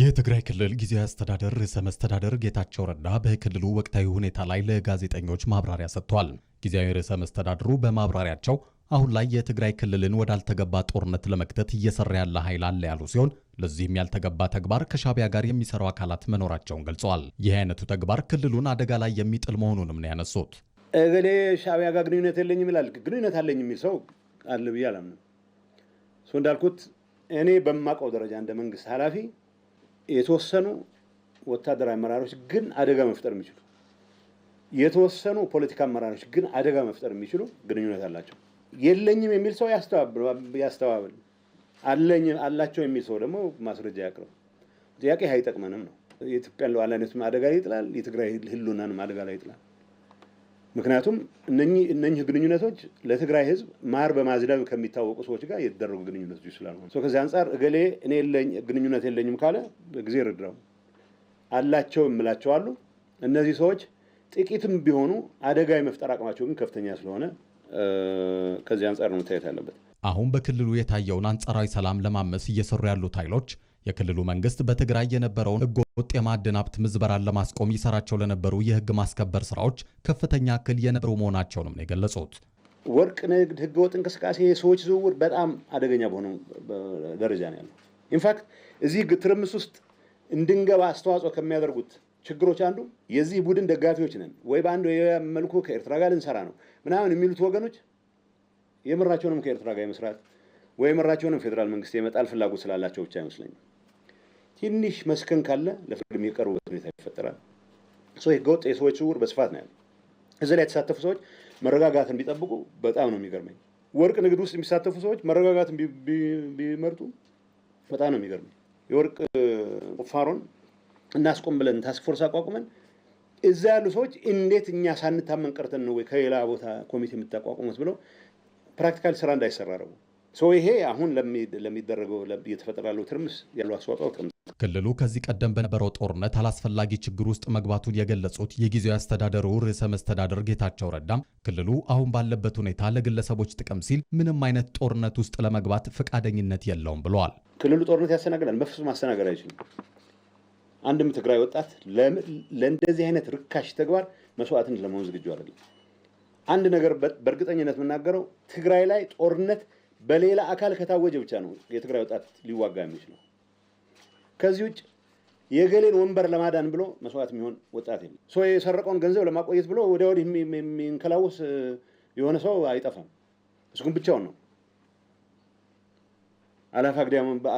የትግራይ ክልል ጊዜያዊ አስተዳደር ርዕሰ መስተዳደር ጌታቸው ረዳ በክልሉ ወቅታዊ ሁኔታ ላይ ለጋዜጠኞች ማብራሪያ ሰጥቷል። ጊዜያዊ ርዕሰ መስተዳድሩ በማብራሪያቸው አሁን ላይ የትግራይ ክልልን ወዳልተገባ ጦርነት ለመክተት እየሰራ ያለ ኃይል አለ ያሉ ሲሆን ለዚህም ያልተገባ ተግባር ከሻቢያ ጋር የሚሰሩ አካላት መኖራቸውን ገልጸዋል። ይህ አይነቱ ተግባር ክልሉን አደጋ ላይ የሚጥል መሆኑንም ነው ያነሱት። እገሌ ሻቢያ ጋር ግንኙነት የለኝም ይላል። ግንኙነት አለኝ የሚል ሰው አለ ብዬ አላምንም። እንዳልኩት እኔ በማውቀው ደረጃ እንደ መንግስት ኃላፊ የተወሰኑ ወታደራዊ አመራሮች ግን አደጋ መፍጠር የሚችሉ የተወሰኑ ፖለቲካ አመራሮች ግን አደጋ መፍጠር የሚችሉ ግንኙነት አላቸው። የለኝም የሚል ሰው ያስተባብል፣ አለኝ አላቸው የሚል ሰው ደግሞ ማስረጃ ያቅርብ። ጥያቄ አይጠቅመንም ነው። የኢትዮጵያን ሉዓላዊነትም አደጋ ላይ ይጥላል። የትግራይ ሕልውናንም አደጋ ላይ ይጥላል። ምክንያቱም እነኚህ ግንኙነቶች ለትግራይ ህዝብ ማር በማዝነብ ከሚታወቁ ሰዎች ጋር የተደረጉ ግንኙነቶች ስላልሆኑ ከዚህ አንጻር እገሌ እኔ ግንኙነት የለኝም ካለ ጊዜ ርድረው አላቸው የምላቸው አሉ። እነዚህ ሰዎች ጥቂትም ቢሆኑ አደጋ የመፍጠር አቅማቸው ግን ከፍተኛ ስለሆነ ከዚህ አንጻር ነው መታየት ያለበት። አሁን በክልሉ የታየውን አንጻራዊ ሰላም ለማመስ እየሰሩ ያሉት ኃይሎች የክልሉ መንግስት በትግራይ የነበረውን ህገወጥ የማዕድን ሀብት ምዝበራን ለማስቆም ይሰራቸው ለነበሩ የህግ ማስከበር ስራዎች ከፍተኛ እክል የነበሩ መሆናቸውንም ነው የገለጹት። ወርቅ ንግድ፣ ህገወጥ እንቅስቃሴ፣ የሰዎች ዝውውር በጣም አደገኛ በሆነ ደረጃ ነው ያለው። ኢንፋክት እዚህ ትርምስ ውስጥ እንድንገባ አስተዋጽኦ ከሚያደርጉት ችግሮች አንዱ የዚህ ቡድን ደጋፊዎች ነን ወይ በአንድ መልኩ ከኤርትራ ጋር ልንሰራ ነው ምናምን የሚሉት ወገኖች የምራቸውንም ከኤርትራ ጋር የመስራት ወይ እራቸውንም ፌዴራል መንግስት የመጣል ፍላጎት ስላላቸው ብቻ አይመስለኝም። ትንሽ መስከን ካለ ለፍርድ የሚቀርቡበት ሁኔታ ይፈጠራል። ህገወጥ የሰዎች ዝውውር በስፋት ነው ያለ። እዚህ ላይ የተሳተፉ ሰዎች መረጋጋትን ቢጠብቁ በጣም ነው የሚገርመኝ። ወርቅ ንግድ ውስጥ የሚሳተፉ ሰዎች መረጋጋትን ቢመርጡ በጣም ነው የሚገርመኝ። የወርቅ ቁፋሮን እናስቆም ብለን ታስክ ፎርስ አቋቁመን እዛ ያሉ ሰዎች እንዴት እኛ ሳንታመን ቀርተን ነው ወይ ከሌላ ቦታ ኮሚቴ የምታቋቁሙት ብለው ፕራክቲካል ስራ እንዳይሰራ ረቡ ይሄ አሁን ለሚደረገው እየተፈጠረ ያለው ትርምስ ያለው ትርምስ። ክልሉ ከዚህ ቀደም በነበረው ጦርነት አላስፈላጊ ችግር ውስጥ መግባቱን የገለጹት የጊዜያዊ አስተዳደሩ ርዕሰ መስተዳደር ጌታቸው ረዳም ክልሉ አሁን ባለበት ሁኔታ ለግለሰቦች ጥቅም ሲል ምንም አይነት ጦርነት ውስጥ ለመግባት ፈቃደኝነት የለውም ብለዋል። ክልሉ ጦርነት ያስተናግዳል? በፍጹም ማስተናገድ አይችልም። አንድም ትግራይ ወጣት ለእንደዚህ አይነት ርካሽ ተግባር መስዋዕትነት ለመሆን ዝግጁ አይደለም። አንድ ነገር በእርግጠኝነት የምናገረው ትግራይ ላይ ጦርነት በሌላ አካል ከታወጀ ብቻ ነው የትግራይ ወጣት ሊዋጋ የሚችለው። ከዚህ ውጭ የገሌን ወንበር ለማዳን ብሎ መስዋዕት የሚሆን ወጣት የለም። ሰው የሰረቀውን ገንዘብ ለማቆየት ብሎ ወዲያ ወዲህ የሚንከላወስ የሆነ ሰው አይጠፋም። እሱም ብቻውን ነው። አላፍ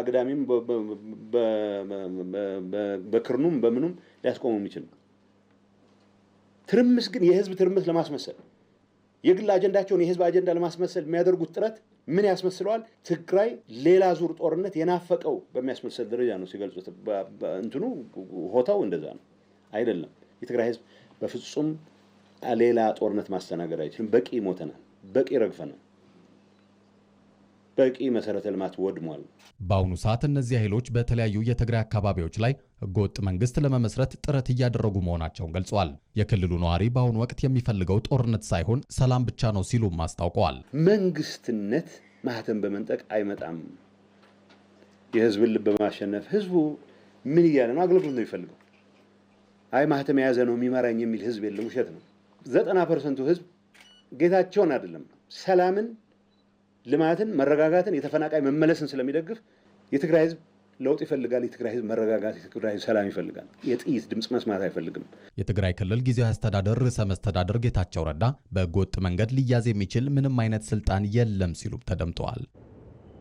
አግዳሚም በክርኑም በምኑም ሊያስቆሙ የሚችል ትርምስ ግን የህዝብ ትርምስ ለማስመሰል የግል አጀንዳቸውን የህዝብ አጀንዳ ለማስመሰል የሚያደርጉት ጥረት ምን ያስመስለዋል? ትግራይ ሌላ ዙር ጦርነት የናፈቀው በሚያስመስል ደረጃ ነው ሲገልጹት። እንትኑ ሆታው እንደዛ ነው። አይደለም የትግራይ ህዝብ በፍጹም ሌላ ጦርነት ማስተናገድ አይችልም። በቂ ሞተናል፣ በቂ ረግፈናል። በቂ መሰረተ ልማት ወድሟል። በአሁኑ ሰዓት እነዚህ ኃይሎች በተለያዩ የትግራይ አካባቢዎች ላይ ህገወጥ መንግስት ለመመስረት ጥረት እያደረጉ መሆናቸውን ገልጸዋል። የክልሉ ነዋሪ በአሁኑ ወቅት የሚፈልገው ጦርነት ሳይሆን ሰላም ብቻ ነው ሲሉም አስታውቀዋል። መንግስትነት ማህተም በመንጠቅ አይመጣም። የህዝብን ልብ በማሸነፍ ህዝቡ ምን እያለ ነው? አገልግሎት ነው የሚፈልገው። አይ ማህተም የያዘ ነው የሚመራኝ የሚል ህዝብ የለም። ውሸት ነው። ዘጠና ፐርሰንቱ ህዝብ ጌታቸውን አይደለም ሰላምን ልማትን፣ መረጋጋትን፣ የተፈናቃይ መመለስን ስለሚደግፍ የትግራይ ህዝብ ለውጥ ይፈልጋል። የትግራይ ህዝብ መረጋጋት፣ የትግራይ ህዝብ ሰላም ይፈልጋል። የጥይት ድምፅ መስማት አይፈልግም። የትግራይ ክልል ጊዜያዊ አስተዳደር ርዕሰ መስተዳደር ጌታቸው ረዳ በህገወጥ መንገድ ሊያዝ የሚችል ምንም አይነት ስልጣን የለም ሲሉ ተደምጠዋል።